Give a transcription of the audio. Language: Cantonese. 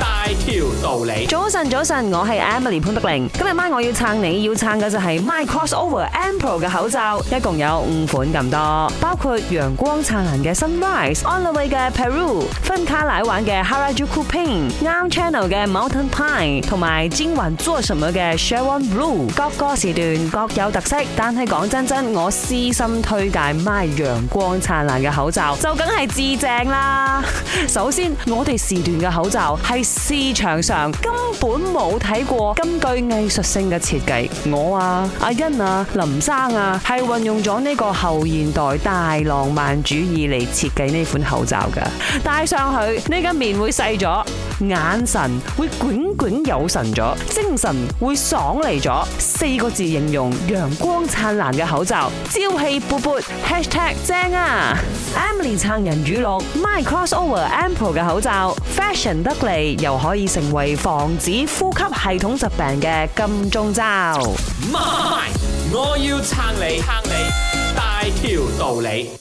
大條道理，早晨早晨，我係 Emily 潘德玲。今日晚我要撐你要撐嘅就係 My Crossover Ampro 嘅口罩，一共有五款咁多，包括陽光燦爛嘅 Sunrise，On the Way 嘅 Peru，芬卡奶玩嘅 Harajuku Pink，啱 Channel 嘅 Mountain Pine，同埋蒸云專屬嘅 Sharon Blue。各個時段各有特色，但係講真真，我私心推介 My 陽光燦爛嘅口罩就梗係至正啦。首先，我哋時段嘅口罩係。市場上根本冇睇過咁具藝術性嘅設計，我啊，阿欣啊，林生啊，係運用咗呢個後現代大浪漫主義嚟設計呢款口罩㗎，戴上去呢、這個面會細咗，眼神會炯炯有神咗，精神會爽利咗。四個字形容陽光燦爛嘅口罩，朝氣勃勃。#hashtag 正啊！Emily 撐人語錄，my crossover ample 嘅口罩，fashion 得嚟又可以成為防止呼吸系統疾病嘅金鐘罩。My，我要撐你，撐你，大條道理。